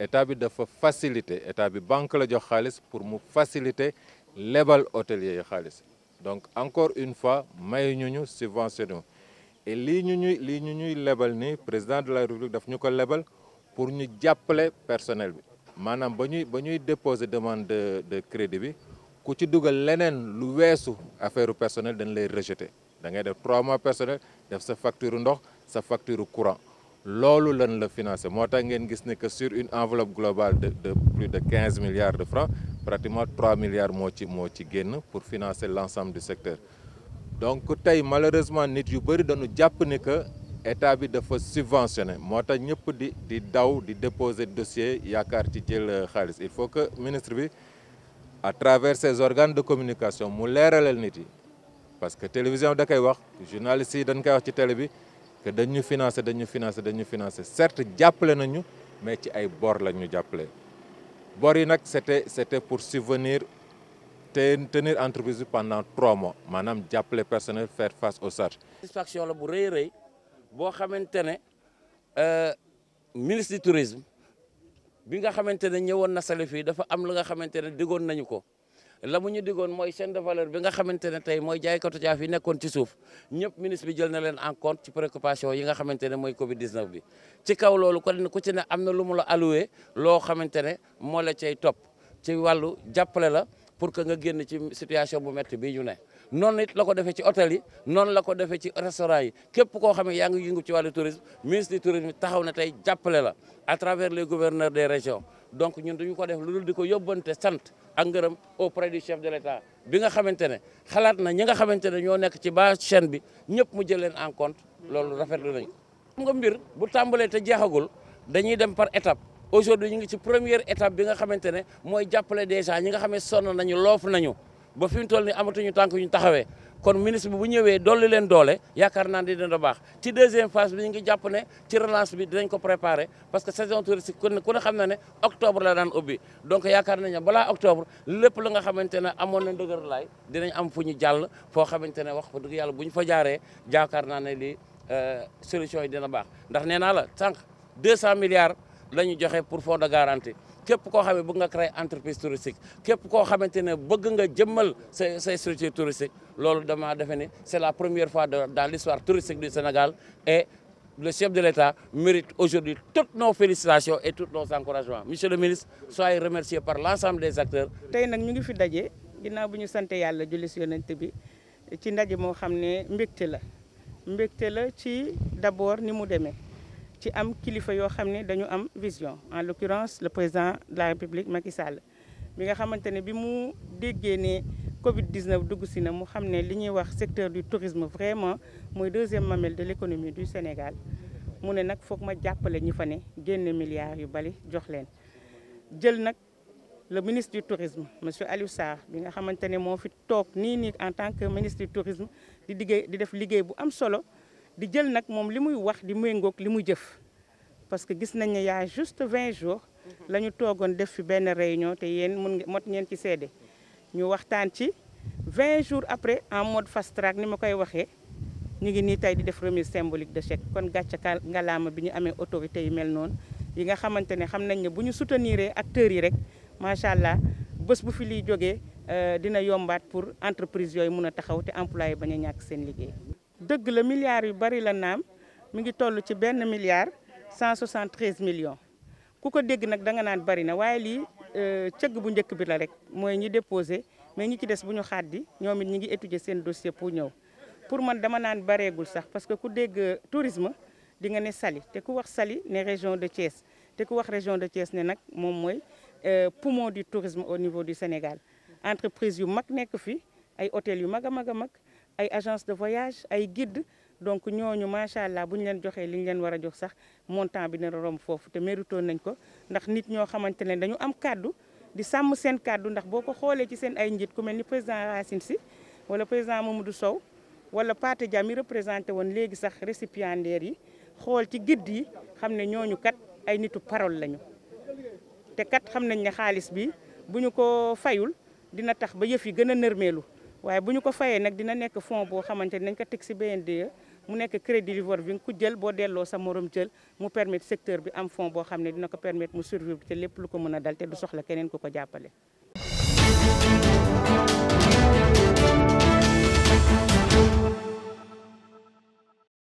L'État bi faciliter état bi banque la jox pour nous faciliter lebal hôtelier yi donc encore une fois nous ñu ñu subventionné et ce que nous avons ñu président de la république a fait ko pour pour appeler le personnel Maintenant, quand nous déposons demande de de crédit bi ku ci dugal leneen lu personnel dañ lay rejeter da ngay def trois mois personnel def sa facture ndox sa facture courant c'est lan la financé moo ngeen gis que sur une enveloppe globale de plus de 15 milliards de francs pratiquement 3 milliards mo ci ci pour financer l'ensemble du secteur donc malheureusement nit yu bëri dañu japp ni que état bi dafa subventionné moo tax di di daw di déposer dossier yakar ci jël euh, il faut que ministre à travers ses organes de communication mu léralel nit yi parce que télévision da kay wax journaliste yi dañ télé que de ñu financé de ñu financé de ñu financé certes jàppale nañu mais ci ay bor la ñu jàppale bor yi nag c'était c'était pour subvenir tenir entreprise pendant trois mois Madame jàppale personnel faire face aux charges. satisfaction le bu rëy rëy boo euh, ministre du tourisme bi nga xamante ne ñëwoon na sale fii dafa am la nga xamante ne nañu ko. la mu ñu digoon mooy chaîne de valeur bi nga xamante ne tey mooy jaaykatu jaaf yi nekkoon ci suuf ñëpp ministre bi jël na leen en compte ci préoccupation yi nga xamante ne mooy Covid 19 bi. ci kaw loolu kon ku ci ne am na lu mu la alloué loo xamante ne moo la cay topp ci wàllu jàppale la pour que nga génn ci situation bu métti bii ñu ne. noonu it la ko defee ci hôtel yi noonu la ko defee ci restaurant yi képp koo xam ne yaa ngi yëngu ci wàllu tourisme ministre du taxaw na tey jàppale la à travers les gouverneurs des régions. donc ñun duñu ko def lu dul di ko yóbbante sant ak au auprès du chef de l'État bi nga xamante ne xalaat na ñi nga xamante ne ñoo nekk ci base chaîne bi ñëpp mu jël leen en compte loolu rafetlu nañ xam nga mbir bu tàmbalee te jeexagul dañuy dem par étape aujourd'hui ñu ngi ci première étape bi nga xamante ne mooy jàppale déjà ñi nga xamee ne sonn nañu loof nañu ba fi mu toll ni amatuñu tànk ñu taxawee kon ministre bi bu ñëwee dolli leen doole yaakaar naa ne dina baax ci deuxième phase bi ñu ngi jàpp ne ci relance bi dinañ ko préparer parce que saison touristique ku ne ku ne xam na ne octobre la daan ubbi donc yaakaar nañ ne balaa octobre lépp lu nga xamante ne amoon na ndëgër laay dinañ am fu ñu jàll foo xamante ne wax dëgg yàlla bu ñu fa jaaree jaakaar naa ne lii euh, solution yi dina baax ndax nee naa la sànq 200 milliards la ñu joxe pour fonds de garantie. képp koo xam ne bëgg nga créer entreprise touristique képp koo xamante ne bëgg nga jëmmal say say structure touristique loolu dama defe ne c'est la première fois dans l'histoire touristique du Sénégal et le chef de l'État mérite aujourd'hui toutes nos félicitations et tous nos encouragements monsieur le ministre soyez remercié par l'ensemble des acteurs tey nag ñu ngi fi daje ginnaaw bu ñu sante yàlla julli si yonent bi ci ndaje moo xam ne la mbégte la ci d'abord ni mu demee ci am kilifa yoo xam ne dañu am vision en l'occurrence le président de la République Macky Sall bi nga xamante ne bi mu déggee ne Covid 19 dugg si na mu xam ne wax secteur du tourisme vraiment mooy deuxième mamelle de l'économie du Sénégal mu ne nag foog ma jàppale ñi milliards yu bari jox leen jël le ministre du tourisme monsieur Aliou Sarr bi nga xamante ne moo fi en tant que ministre du tourisme di a di def liggéey bu am solo di jël nag moom li muy wax di méngoog jëf parce que gis nañ ne y juste 20 jours la ñu toogoon def fi benn réunion te yéen mot ngeen ci ñu waxtaan ci 20 jours après en mode fast ni ma koy waxee ñu ngi nii tey di def remise symbolique de chèque kon gàcce ngalaama bi ñu amee autorité yu mel noonu yi nga xamante ne xam nañ ne bu ñu soutenir acteur yi rek macha allah bés bu fi liy jógee euh, dina yombaat pour entreprise yooyu mun a taxaw te employé ba ñu ñàkk seen liggéey. dëgg la milliards yu bari la naam mi ngi toll ci benn milliard 173 millions ku ko dégg nag danga naan bari na waaye lii. Euh, cëgg bu njëkk bi la rek mooy ñi déposé mais ñi ci des bu ñu xaddi ñoom it ñi ngi étudier seen dossier pour ñëw pour man dama naan bareegul sax parce que ku dégg tourisme di nga ne sali te ku wax sali ne région de Thiès te ku wax région de Thiès ne nag moom mooy euh, poumon du tourisme au niveau du Sénégal entreprise yu mag nekk fi ay hôtel yu mag a mag a mag ay agence de voyage ay guide donc ñooñu macha allah bu ñu leen joxee li ñu leen war a jox sax montant bi dina romb foofu te méritoon nañ ko ndax nit ñoo xamante ne dañu am kàddu di sàmm seen kàddu ndax boo ko xoolee ci seen ay njiit ku mel ni président Racine si wala président moom du Sow wala Pathé Dia mi représenté woon léegi sax récipiendaires yi xool ci guide yi xam ne ñooñu kat ay nitu parole lañu te kat xam nañ ne xaalis bi bu ñu ko fayul dina tax ba yëf yi gën a nërmeelu waaye bu ñu ko fayee nag dina nekk fonds boo xamante ne nañ ko teg si BNDE mu nekk crédit livre bi nga ko jël boo delloo sa morom jël mu permettre secteur bi am fonds boo xam ne dina ko permettre mu survivre te lépp lu ko mën a dal te du soxla keneen ku ko jàppale.